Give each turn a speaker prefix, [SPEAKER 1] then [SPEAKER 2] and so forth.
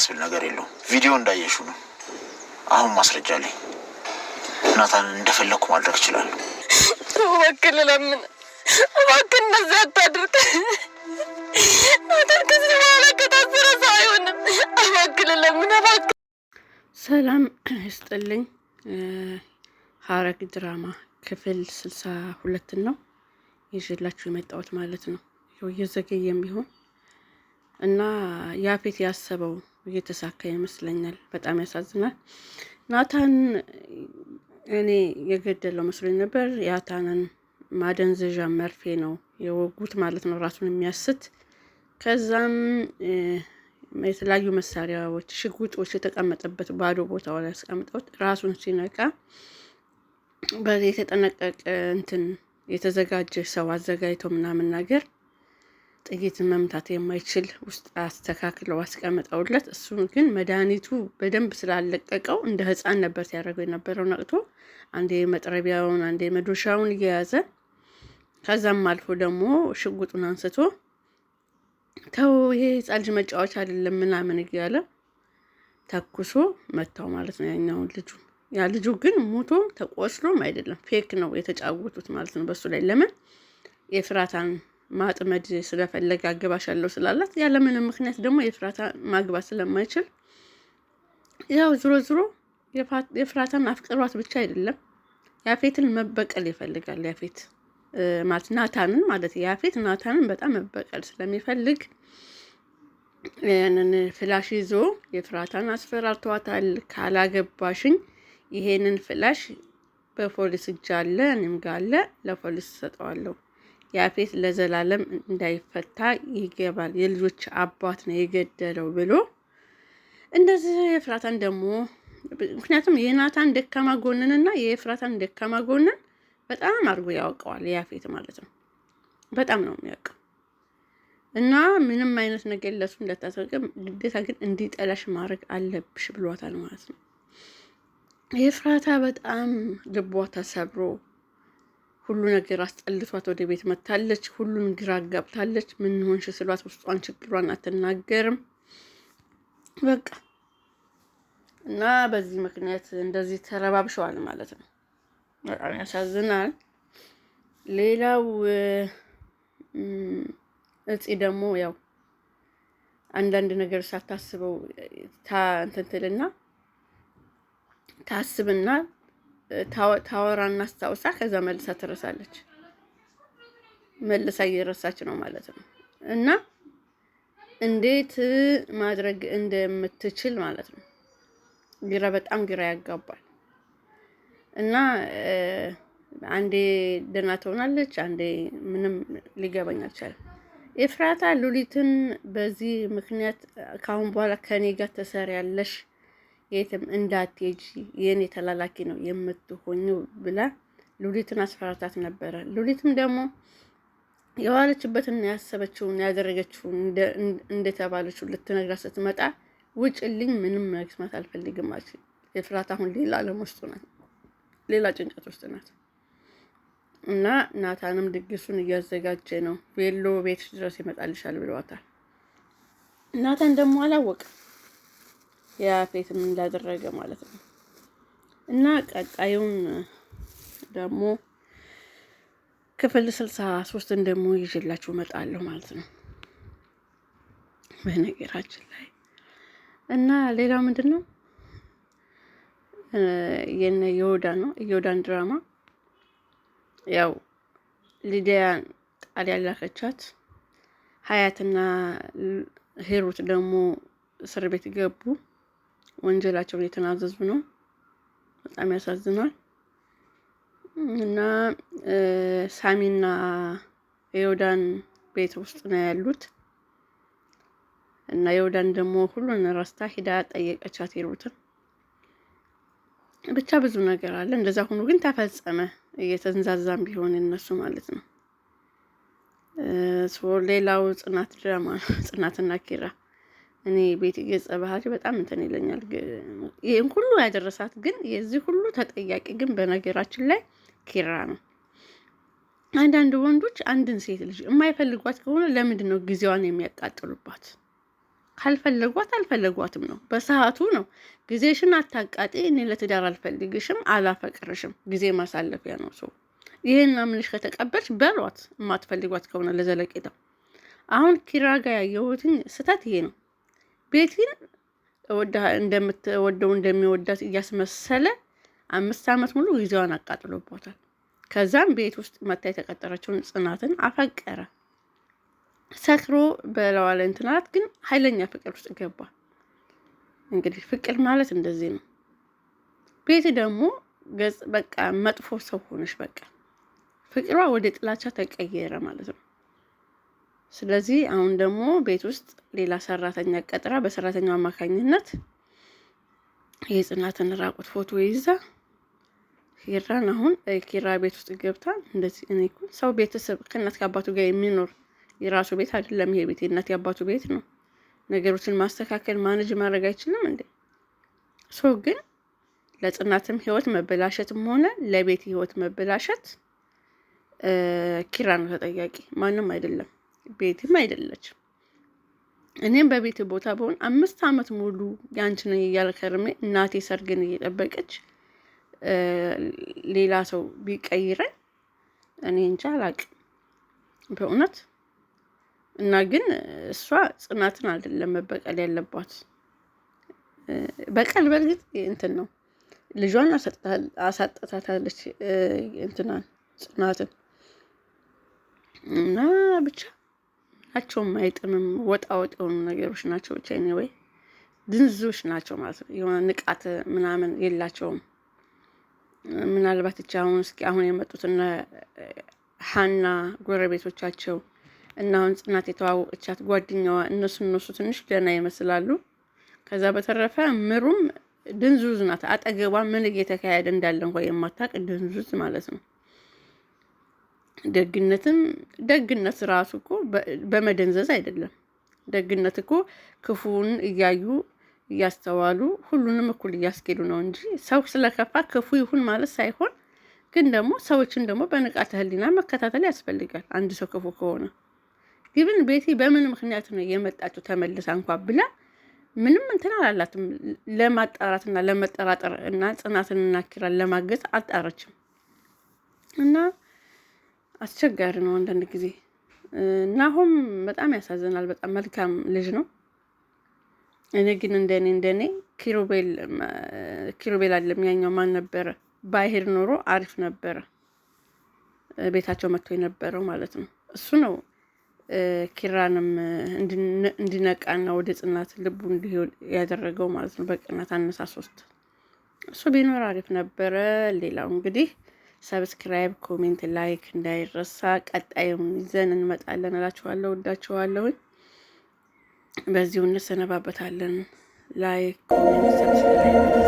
[SPEAKER 1] የሚያስብል ነገር የለውም። ቪዲዮ እንዳየሹ ነው። አሁን ማስረጃ ላይ ናታንን እንደፈለግኩ ማድረግ ይችላል።
[SPEAKER 2] እባክህ ልለምን፣ እባክህ እንደዚያ አታድርግ። ናታን ከዚህ በኋላ ከታሰረ ሰው አይሆንም። እባክህ ልለምን፣ እባክህ።
[SPEAKER 3] ሰላም ይስጥልኝ። ሐረግ ድራማ ክፍል ስልሳ ሁለትን ነው ይዤላችሁ የመጣሁት ማለት ነው። የዘገየም ቢሆን እና ያፌት ያሰበው እየተሳካ ይመስለኛል። በጣም ያሳዝናል። ናታን እኔ የገደለው መስሎኝ ነበር። የአታንን ማደንዘዣ መርፌ ነው የወጉት ማለት ነው፣ ራሱን የሚያስት ከዛም የተለያዩ መሳሪያዎች፣ ሽጉጦች የተቀመጠበት ባዶ ቦታ ላይ ያስቀምጠውት ራሱን ሲነቃ በዚህ የተጠነቀቀ እንትን የተዘጋጀ ሰው አዘጋጅቶ ምናምን ነገር ጥይትን መምታት የማይችል ውስጥ አስተካክለው አስቀምጠውለት፣ እሱ ግን መድኃኒቱ በደንብ ስላለቀቀው እንደ ህፃን ነበር ሲያደርገው የነበረው። ነቅቶ አንዴ መጥረቢያውን አንዴ መዶሻውን እየያዘ ከዛም አልፎ ደግሞ ሽጉጡን አንስቶ ተው ይሄ ሕፃን ልጅ መጫወቻ አይደለም ምናምን እያለ ተኩሶ መታው ማለት ነው ያኛውን ልጁ። ያ ልጁ ግን ሙቶ ተቆስሎም አይደለም ፌክ ነው የተጫወቱት ማለት ነው በሱ ላይ ለምን የፍራታን ማጥመድ ስለፈለገ አገባሻለሁ ስላላት ያለምንም ምክንያት ደግሞ የፍራታ ማግባት ስለማይችል ያው ዝሮ ዝሮ የፍራታን አፍቅሯት ብቻ አይደለም ያፌትን መበቀል ይፈልጋል። ያፌት ማለት ናታንን ማለት ያፌት ናታንን በጣም መበቀል ስለሚፈልግ ያንን ፍላሽ ይዞ የፍራታን አስፈራርተዋታል። ካላገባሽኝ ይሄንን ፍላሽ በፖሊስ እጃለ እኔም ጋለ ለፖሊስ ሰጠዋለሁ ያፌት ለዘላለም እንዳይፈታ ይገባል፣ የልጆች አባት ነው የገደለው ብሎ እንደዚህ የፍራታን ደግሞ ምክንያቱም የናታን ደካማ ጎንንና የፍራታን ደካማ ጎንን በጣም አድርጎ ያውቀዋል ያፌት ማለት ነው። በጣም ነው የሚያውቀው እና ምንም አይነት ነገር ለሱ እንዳታደርገም ግዴታ ግን እንዲጠላሽ ማድረግ አለብሽ ብሏታል ማለት ነው። የፍራታ በጣም ልቧ ተሰብሮ ሁሉ ነገር አስጠልቷት ወደ ቤት መታለች። ሁሉም ግራ አጋብታለች። ምን ሆንሽ ስሏት ውስጧን ችግሯን አትናገርም። በቃ እና በዚህ ምክንያት እንደዚህ ተረባብሸዋል ማለት ነው። በጣም ያሳዝናል። ሌላው እጽ ደግሞ ያው አንዳንድ ነገር ሳታስበው ታንትንትልና ታስብና ታወራና አስታውሳ ከዛ መልሳ ትረሳለች። መልሳ እየረሳች ነው ማለት ነው። እና እንዴት ማድረግ እንደምትችል ማለት ነው ግራ በጣም ግራ ያጋባል። እና አንዴ ደህና ትሆናለች፣ አንዴ ምንም ሊገባኝ አልቻለም። ኤፍራታ ሉሊትን በዚህ ምክንያት ከአሁን በኋላ ከኔ ጋር ተሰሪያለሽ የትም እንዳትሄጂ የኔ ተላላኪ ነው የምትሆኙ ብላ ሉሊትን አስፈራታት ነበረ። ሉሊትም ደግሞ የዋለችበትን ያሰበችውን ያደረገችውን እንደተባለችው ልትነግራት ስትመጣ ውጭልኝ፣ ምንም መስማት አልፈልግም አለች። ኤፍራታ አሁን ሌላ ዓለም ውስጥ ናት፣ ሌላ ጭንቀት ውስጥ ናት። እና ናታንም ድግሱን እያዘጋጀ ነው፣ ቤሎ ቤት ድረስ ይመጣልሻል ብለዋታል። ናታን ደግሞ አላወቅም። የአፌትም እንዳደረገ ማለት ነው። እና ቀጣዩን ደግሞ ክፍል ስልሳ ሶስትን ደግሞ ይዤላችሁ እመጣለሁ ማለት ነው። በነገራችን ላይ እና ሌላው ምንድን ነው የነ የወዳ ነው የወዳን ድራማ ያው ሊዲያን ቃል ላከቻት። ሀያትና ሄሩት ደግሞ እስር ቤት ገቡ። ወንጀላቸውን የተናዘዙ ነው። በጣም ያሳዝናል። እና ሳሚና የዮዳን ቤት ውስጥ ነው ያሉት። እና የዮዳን ደግሞ ሁሉን ረስታ ሂዳ ጠየቀቻት የሉትን ብቻ ብዙ ነገር አለ። እንደዛ ሁኑ ግን ተፈጸመ። እየተንዛዛም ቢሆን እነሱ ማለት ነው። ሌላው ጽናት ድራማ ነው። ጽናትና ኪራ እኔ ቤት ገጸ ባህሪ በጣም እንትን ይለኛል። ይህን ሁሉ ያደረሳት ግን የዚህ ሁሉ ተጠያቂ ግን በነገራችን ላይ ኪራ ነው። አንዳንድ ወንዶች አንድን ሴት ልጅ የማይፈልጓት ከሆነ ለምንድን ነው ጊዜዋን የሚያቃጥሉባት? ካልፈለጓት አልፈለጓትም ነው፣ በሰዓቱ ነው። ጊዜሽን አታቃጢ፣ እኔ ለትዳር አልፈልግሽም፣ አላፈቅርሽም፣ ጊዜ ማሳለፊያ ነው ሰው። ይህን አምንሽ ከተቀበልሽ በሏት፣ የማትፈልጓት ከሆነ ለዘለቄታው። አሁን ኪራ ጋር ያየሁትን ስህተት ይሄ ነው። ቤቲን እንደምትወደው እንደሚወዳት እያስመሰለ አምስት ዓመት ሙሉ ጊዜዋን አቃጥሎቦታል። ከዛም ቤት ውስጥ መታ የተቀጠረችውን ጽናትን አፈቀረ። ሰክሮ በለዋ ላይ እንትናት ግን ኃይለኛ ፍቅር ውስጥ ገባ። እንግዲህ ፍቅር ማለት እንደዚህ ነው። ቤት ደግሞ ገጽ በቃ መጥፎ ሰው ሆነች። በቃ ፍቅሯ ወደ ጥላቻ ተቀየረ ማለት ነው። ስለዚህ አሁን ደግሞ ቤት ውስጥ ሌላ ሰራተኛ ቀጥራ በሰራተኛው አማካኝነት የጽናትን ራቁት ፎቶ ይዛ ኪራን አሁን ኪራ ቤት ውስጥ ገብታ እንደዚህ እኔ እኮ ሰው ቤተሰብ ከእናት ከአባቱ ጋር የሚኖር የራሱ ቤት አይደለም ይሄ ቤት የእናት የአባቱ ቤት ነው። ነገሮችን ማስተካከል ማነጅ ማድረግ አይችልም እንዴ? ሰው ግን ለጽናትም ህይወት መበላሸትም ሆነ ለቤት ህይወት መበላሸት ኪራ ነው ተጠያቂ፣ ማንም አይደለም። ቤትም አይደለችም። እኔም በቤት ቦታ በሆን አምስት ዓመት ሙሉ ያንችን እያልከርሜ እናቴ ሰርግን እየጠበቀች ሌላ ሰው ቢቀይረኝ እኔ እንጃ አላቅም በእውነት እና ግን እሷ ጽናትን አይደለም መበቀል ያለባት። በቀል በእርግጥ እንትን ነው ልጇን አሳጠታታለች እንትናን ጽናትን እና ብቻ ናቸውም አይጥምም። ወጣ ወጥ የሆኑ ነገሮች ናቸው። ብቻ ኔ ወይ ድንዞች ናቸው ማለት ነው። የሆነ ንቃት ምናምን የላቸውም። ምናልባት እቻ አሁን እስኪ አሁን የመጡት እነ ሀና ጎረቤቶቻቸው እና አሁን ጽናት የተዋወቀቻት ጓደኛዋ እነሱ እነሱ ትንሽ ገና ይመስላሉ። ከዛ በተረፈ ምሩም ድንዙዝ ናት። አጠገቧ ምን እየተካሄደ እንዳለ እንኳ የማታውቅ ድንዙዝ ማለት ነው። ደግነትም ደግነት ራሱ እኮ በመደንዘዝ አይደለም። ደግነት እኮ ክፉን እያዩ እያስተዋሉ ሁሉንም እኩል እያስኬዱ ነው እንጂ ሰው ስለከፋ ክፉ ይሁን ማለት ሳይሆን ግን ደግሞ ሰዎችን ደግሞ በንቃተ ሕሊና መከታተል ያስፈልጋል። አንድ ሰው ክፉ ከሆነ ግብን ቤቴ በምን ምክንያት ነው የመጣችው ተመልሳ እንኳ ብላ ምንም እንትን አላላትም። ለማጣራትና ለመጠራጠር እና ጽናትንና ኪራን ለማገዝ አልጣረችም እና አስቸጋሪ ነው አንዳንድ ጊዜ እና አሁን በጣም ያሳዝናል። በጣም መልካም ልጅ ነው። እኔ ግን እንደኔ እንደኔ ኪሩቤል አለም ያኛው ማን ነበረ ባይሄድ ኖሮ አሪፍ ነበረ ቤታቸው መጥቶ የነበረው ማለት ነው። እሱ ነው ኪራንም እንዲነቃና ወደ ጽናት ልቡ እንዲሆን ያደረገው ማለት ነው። በቅናት ሶስት እሱ ቢኖር አሪፍ ነበረ። ሌላው እንግዲህ ሰብስክራይብ፣ ኮሜንት፣ ላይክ እንዳይረሳ። ቀጣይም ይዘን እንመጣለን እላችኋለሁ። ወዳችኋለሁኝ። በዚሁ እንሰነባበታለን። ላይክ፣ ኮሜንት፣ ሰብስክራይብ